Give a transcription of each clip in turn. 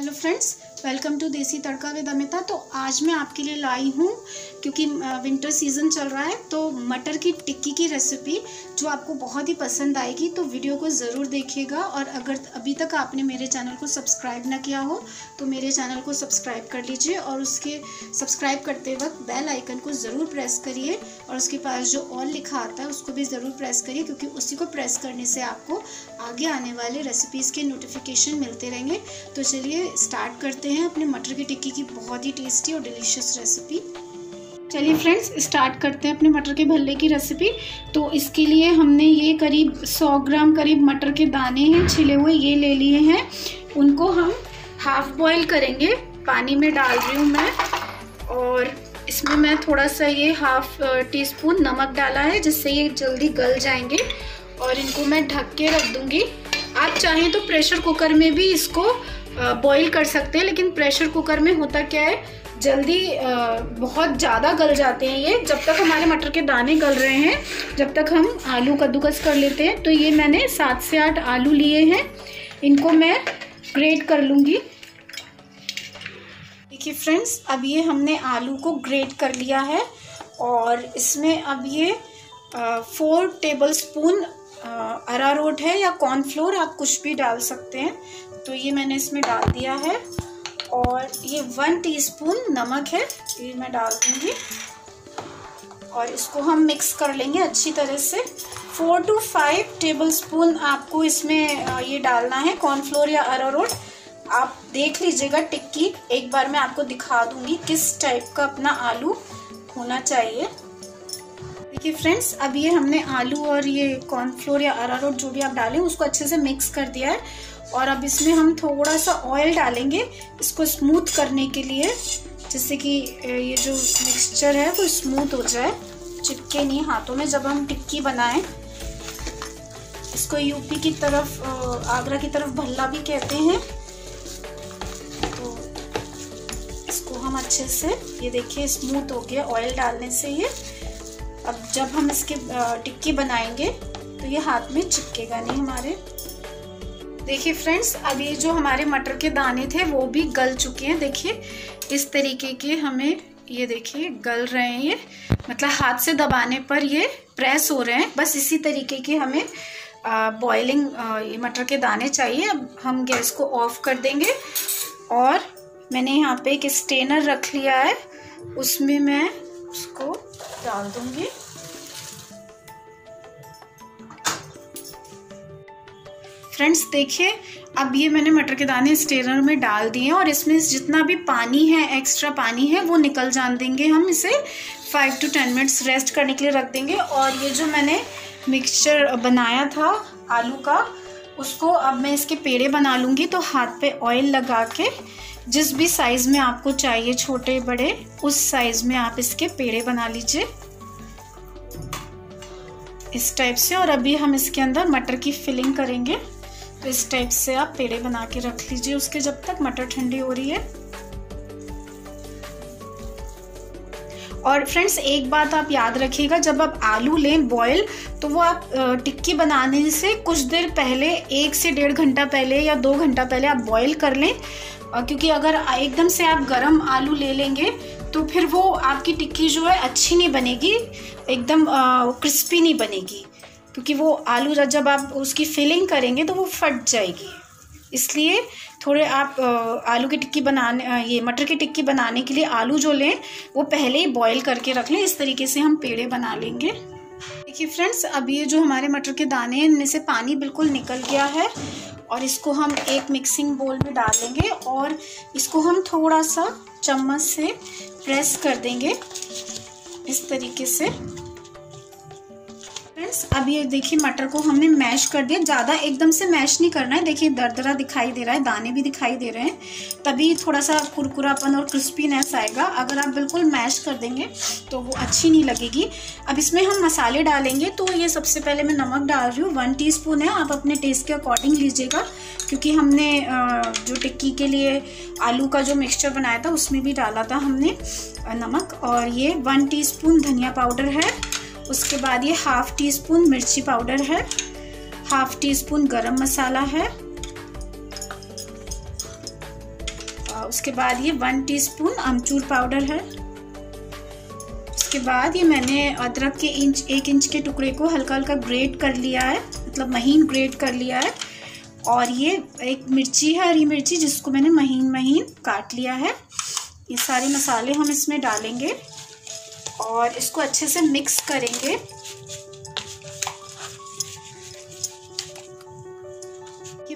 hello friends welcome to Desi Tadka with Amita तो आज मैं आपके लिए लाई हूँ क्योंकि विंटर सीज़न चल रहा है तो मटर की टिक्की की रेसिपी जो आपको बहुत ही पसंद आएगी तो वीडियो को ज़रूर देखिएगा और अगर अभी तक आपने मेरे चैनल को सब्सक्राइब ना किया हो तो मेरे चैनल को सब्सक्राइब कर लीजिए और उसके सब्सक्राइब करते वक्त बेल आइकन को ज़रूर प्रेस करिए और उसके पास जो ऑल लिखा आता है उसको भी ज़रूर प्रेस करिए क्योंकि उसी को प्रेस करने से आपको आगे आने वाले रेसिपीज़ के नोटिफिकेशन मिलते रहेंगे तो चलिए स्टार्ट करते हैं अपने मटर की टिक्की की बहुत ही टेस्टी और डिलीशियस रेसिपी चलिए फ्रेंड्स स्टार्ट करते हैं अपने मटर के भल्ले की रेसिपी तो इसके लिए हमने ये करीब 100 ग्राम करीब मटर के दाने हैं छिले हुए ये ले लिए हैं उनको हम हाफ बॉईल करेंगे पानी में डाल रही हूँ मैं और इसमें मैं थोड़ा सा ये हाफ टी स्पून नमक डाला है जिससे ये जल्दी गल जाएंगे और इनको मैं ढक के रख दूँगी आप चाहें तो प्रेशर कुकर में भी इसको बॉईल कर सकते हैं लेकिन प्रेशर कुकर में होता क्या है जल्दी बहुत ज़्यादा गल जाते हैं ये जब तक हमारे मटर के दाने गल रहे हैं जब तक हम आलू कद्दूकस कर लेते हैं तो ये मैंने सात से आठ आलू लिए हैं इनको मैं ग्रेट कर लूँगी देखिए फ्रेंड्स अब ये हमने आलू को ग्रेट कर लिया है और इसमें अब ये फोर टेबल स्पून अरारोट है या कॉर्नफ्लोर आप कुछ भी डाल सकते हैं तो ये मैंने इसमें डाल दिया है और ये वन टीस्पून नमक है ये मैं डाल दूँगी और इसको हम मिक्स कर लेंगे अच्छी तरह से four two five tablespoon आपको इसमें ये डालना है कॉर्नफ्लोर या अरारोट आप देख लीजिएगा टिक्की एक बार मैं आपको दिखा दूँगी किस टाइप का अपना आलू होना चाहिए देखिए फ्रेंड्स अब ये हमने आलू और ये कॉर्नफ्लोर या अरारोट जो भी आप डालें उसको अच्छे से मिक्स कर दिया है और अब इसमें हम थोड़ा सा ऑयल डालेंगे इसको स्मूथ करने के लिए जिससे कि ये जो मिक्सचर है वो स्मूथ हो जाए चिपके नहीं हाथों में जब हम टिक्की बनाएं इसको यूपी की तरफ आगरा की तरफ भल्ला भी कहते हैं तो इसको हम अच्छे से ये देखिए स्मूथ हो गया ऑयल डालने से ये अब जब हम इसके टिक्की बनाएंगे तो ये हाथ में चिपकेगा नहीं हमारे देखिए फ्रेंड्स अब ये जो हमारे मटर के दाने थे वो भी गल चुके हैं देखिए इस तरीके के हमें ये देखिए गल रहे हैं ये मतलब हाथ से दबाने पर ये प्रेस हो रहे हैं बस इसी तरीके के हमें ये मटर के दाने चाहिए अब हम गैस को ऑफ कर देंगे और मैंने यहाँ पे एक स्टेनर रख लिया है उसमें मैं उसको डाल दूँगी फ्रेंड्स देखिए अब ये मैंने मटर के दाने स्टेरर में डाल दिए और इसमें जितना भी पानी है एक्स्ट्रा पानी है वो निकल जान देंगे हम इसे five to ten minutes rest करने के लिए रख देंगे और ये जो मैंने मिक्सचर बनाया था आलू का उसको अब मैं इसके पेड़े बना लूँगी तो हाथ पे ऑयल लगा के जिस भी साइज़ में आपको चाहिए छोटे बड़े उस साइज़ में आप इसके पेड़े बना लीजिए इस टाइप से और अभी हम इसके अंदर मटर की फिलिंग करेंगे तो इस टाइप से आप पेड़े बना के रख लीजिए उसके जब तक मटर ठंडी हो रही है और फ्रेंड्स एक बात आप याद रखिएगा जब आप आलू लें बॉयल तो वो आप टिक्की बनाने से कुछ देर पहले एक से डेढ़ घंटा पहले या दो घंटा पहले आप बॉयल कर लें क्योंकि अगर एकदम से आप गरम आलू ले लेंगे तो फिर वो आपकी टिक्की जो है अच्छी नहीं बनेगी एकदम क्रिस्पी नहीं बनेगी क्योंकि वो आलू जब आप उसकी फिलिंग करेंगे तो वो फट जाएगी इसलिए थोड़े आप आलू की टिक्की बनाने ये मटर की टिक्की बनाने के लिए आलू जो लें वो पहले ही बॉईल करके रख लें इस तरीके से हम पेड़े बना लेंगे देखिए फ्रेंड्स अब ये जो हमारे मटर के दाने हैं इनमें से पानी बिल्कुल निकल गया है और इसको हम एक मिक्सिंग बोल में डाल लेंगे और इसको हम थोड़ा सा चम्मच से प्रेस कर देंगे इस तरीके से फ्रेंड्स अब ये देखिए मटर को हमने मैश कर दिया ज़्यादा एकदम से मैश नहीं करना है देखिए दरदरा दिखाई दे रहा है दाने भी दिखाई दे रहे हैं तभी थोड़ा सा कुरकुरापन और क्रिस्पीनेस आएगा अगर आप बिल्कुल मैश कर देंगे तो वो अच्छी नहीं लगेगी अब इसमें हम मसाले डालेंगे तो ये सबसे पहले मैं नमक डाल रही हूँ वन टी है आप अपने टेस्ट के अकॉर्डिंग लीजिएगा क्योंकि हमने जो टिक्की के लिए आलू का जो मिक्सचर बनाया था उसमें भी डाला था हमने नमक और ये वन टी धनिया पाउडर है उसके बाद ये हाफ़ टी स्पून मिर्ची पाउडर है half teaspoon garam masala है और उसके बाद ये वन टीस्पून अमचूर पाउडर है उसके बाद ये मैंने अदरक के इंच एक इंच के टुकड़े को हल्का हल्का ग्रेट कर लिया है मतलब महीन ग्रेट कर लिया है और ये एक मिर्ची है हरी मिर्ची जिसको मैंने महीन महीन काट लिया है ये सारे मसाले हम इसमें डालेंगे और इसको अच्छे से मिक्स करेंगे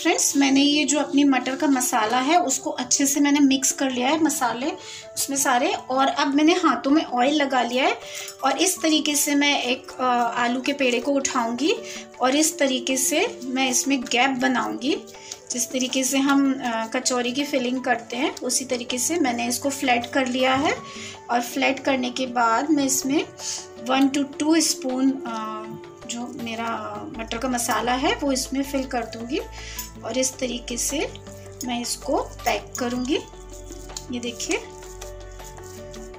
फ्रेंड्स मैंने ये जो अपनी मटर का मसाला है उसको अच्छे से मैंने मिक्स कर लिया है मसाले उसमें सारे और अब मैंने हाथों में ऑयल लगा लिया है और इस तरीके से मैं एक आलू के पेड़े को उठाऊंगी और इस तरीके से मैं इसमें गैप बनाऊंगी जिस तरीके से हम कचौरी की फिलिंग करते हैं उसी तरीके से मैंने इसको फ्लैट कर लिया है और फ्लैट करने के बाद मैं इसमें वन टू टू स्पून जो मेरा मटर का मसाला है वो इसमें फिल कर दूँगी और इस तरीके से मैं इसको पैक करूँगी ये देखिए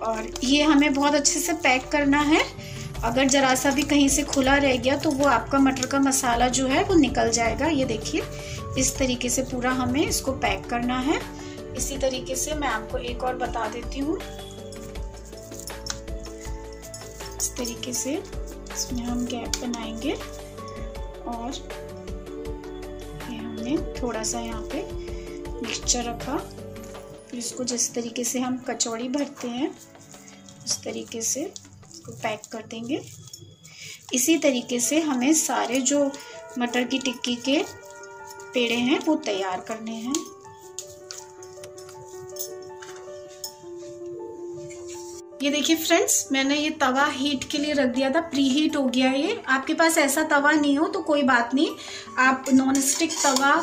और ये हमें बहुत अच्छे से पैक करना है अगर ज़रा सा भी कहीं से खुला रह गया तो वो आपका मटर का मसाला जो है वो निकल जाएगा ये देखिए इस तरीके से पूरा हमें इसको पैक करना है इसी तरीके से मैं आपको एक और बता देती हूँ इस तरीके से इसमें हम गैप बनाएंगे और ये हमने थोड़ा सा यहाँ पे मिक्सचर रखा इसको जिस तरीके से हम कचौड़ी भरते हैं उस तरीके से इसको पैक कर देंगे इसी तरीके से हमें सारे जो मटर की टिक्की के पेड़े हैं वो तैयार करने हैं ये देखिए फ्रेंड्स मैंने ये तवा हीट के लिए रख दिया था प्री हीट हो गया ये आपके पास ऐसा तवा नहीं हो तो कोई बात नहीं आप नॉन स्टिक तवा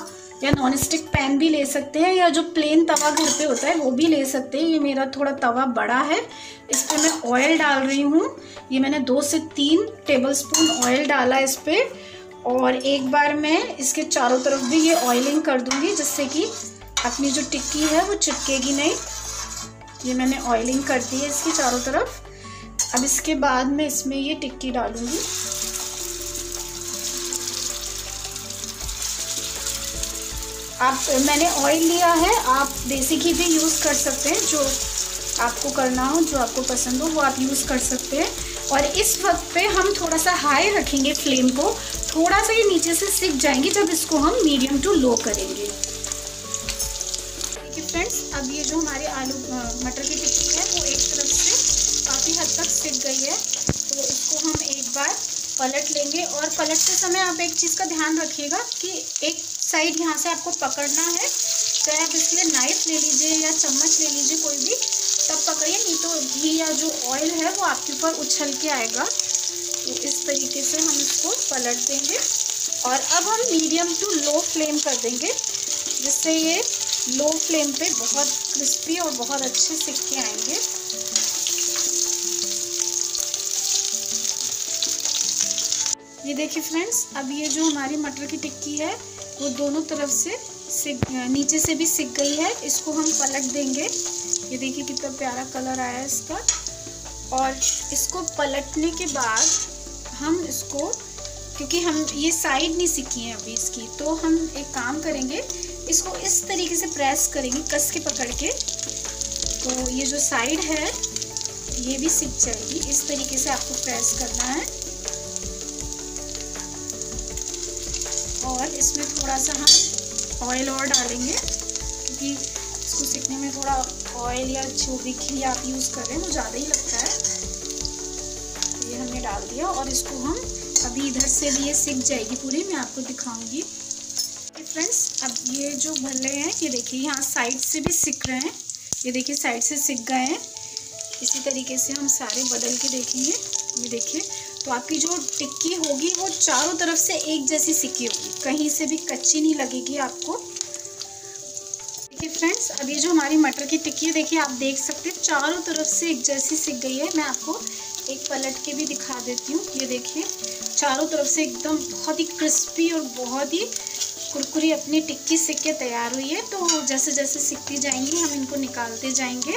या नॉन स्टिक पैन भी ले सकते हैं या जो प्लेन तवा घर पे होता है वो भी ले सकते हैं ये मेरा थोड़ा तवा बड़ा है इस पर मैं ऑयल डाल रही हूँ ये मैंने दो से तीन टेबल स्पून ऑयल डाला इस पर और एक बार मैं इसके चारों तरफ भी ये ऑयलिंग कर दूँगी जिससे कि अपनी जो टिक्की है वो चिपकेगी नहीं ये मैंने ऑयलिंग कर दी है इसकी चारों तरफ अब इसके बाद मैं इसमें ये टिक्की डालूँगी आप मैंने ऑयल लिया है आप देसी घी भी यूज़ कर सकते हैं जो आपको करना हो जो आपको पसंद हो वो आप यूज़ कर सकते हैं और इस वक्त पे हम थोड़ा सा हाई रखेंगे फ्लेम को थोड़ा सा ये नीचे से सिक जाएंगे जब इसको हम मीडियम टू लो करेंगे देखिए फ्रेंड्स अब ये जो हमारे आलू मटर की टिक्की है वो एक तरफ से काफ़ी हद तक सिक गई है तो इसको हम एक बार पलट लेंगे और पलटते समय आप एक चीज़ का ध्यान रखिएगा कि एक साइड यहाँ से आपको पकड़ना है तो आप इसके लिए नाइफ ले लीजिए या चम्मच ले लीजिए कोई भी तब पकड़िए नहीं तो घी या जो ऑयल है वो आपके ऊपर उछल के आएगा तो इस तरीके से हम इसको पलट देंगे और अब हम मीडियम टू लो फ्लेम कर देंगे जिससे ये लो फ्लेम पे बहुत क्रिस्पी और बहुत अच्छे सिक्के आएंगे ये देखिए फ्रेंड्स अब ये जो हमारी मटर की टिक्की है वो दोनों तरफ से सिक नीचे से भी सिक गई है इसको हम पलट देंगे ये देखिए कितना प्यारा कलर आया है इसका और इसको पलटने के बाद हम इसको क्योंकि हम ये साइड नहीं सीखी है अभी इसकी तो हम एक काम करेंगे इसको इस तरीके से प्रेस करेंगे कस के पकड़ के तो ये जो साइड है ये भी सीख जाएगी इस तरीके से आपको प्रेस करना है इसमें थोड़ा सा हम ऑयल और डालेंगे क्योंकि इसको सीखने में थोड़ा ऑयल या जो भी घी आप यूज़ कर रहे हैं वो ज़्यादा ही लगता है तो ये हमने डाल दिया और इसको हम अभी इधर से भी ये सीख जाएगी पूरी मैं आपको दिखाऊंगी फ्रेंड्स अब ये जो भले हैं ये देखिए यहाँ साइड से भी सीख रहे हैं ये देखिए साइड से सीख गए हैं इसी तरीके से हम सारे बदल के देखेंगे ये देखिए तो आपकी जो टिक्की होगी वो चारों तरफ से एक जैसी सिक्की होगी कहीं से भी कच्ची नहीं लगेगी आपको देखिए फ्रेंड्स अब ये जो हमारी मटर की टिक्की है देखिए आप देख सकते हैं चारों तरफ से एक जैसी सिक गई है मैं आपको एक पलट के भी दिखा देती हूँ ये देखिए चारों तरफ से एकदम बहुत ही क्रिस्पी और बहुत ही कुरकुरी अपनी टिक्की सिक्के तैयार हुई है तो जैसे जैसे सिकती जाएंगी हम इनको निकालते जाएंगे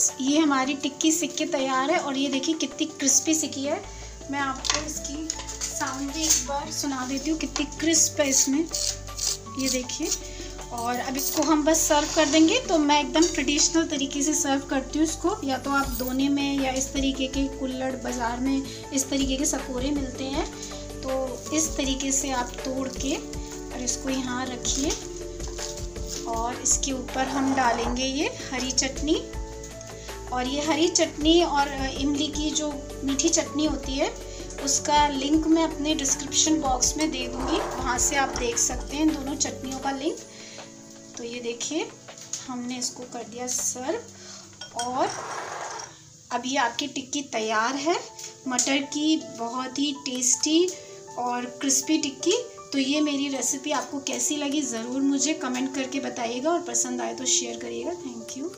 फ्रेंड्स ये हमारी टिक्की सिक्के तैयार है और ये देखिए कितनी क्रिस्पी सिक्की है मैं आपको इसकी साउंड भी एक बार सुना देती हूँ कितनी क्रिस्प है इसमें ये देखिए और अब इसको हम बस सर्व कर देंगे तो मैं एकदम ट्रेडिशनल तरीके से सर्व करती हूँ इसको या तो आप दोने में या इस तरीके के कुल्लड़ बाज़ार में इस तरीके के सकोरे मिलते हैं तो इस तरीके से आप तोड़ के और इसको यहाँ रखिए और इसके ऊपर हम डालेंगे ये हरी चटनी और ये हरी चटनी और इमली की जो मीठी चटनी होती है उसका लिंक मैं अपने डिस्क्रिप्शन बॉक्स में दे दूँगी वहाँ से आप देख सकते हैं दोनों चटनियों का लिंक तो ये देखिए हमने इसको कर दिया सर्व और अभी आपकी टिक्की तैयार है मटर की बहुत ही टेस्टी और क्रिस्पी टिक्की तो ये मेरी रेसिपी आपको कैसी लगी ज़रूर मुझे कमेंट करके बताइएगा और पसंद आए तो शेयर करिएगा थैंक यू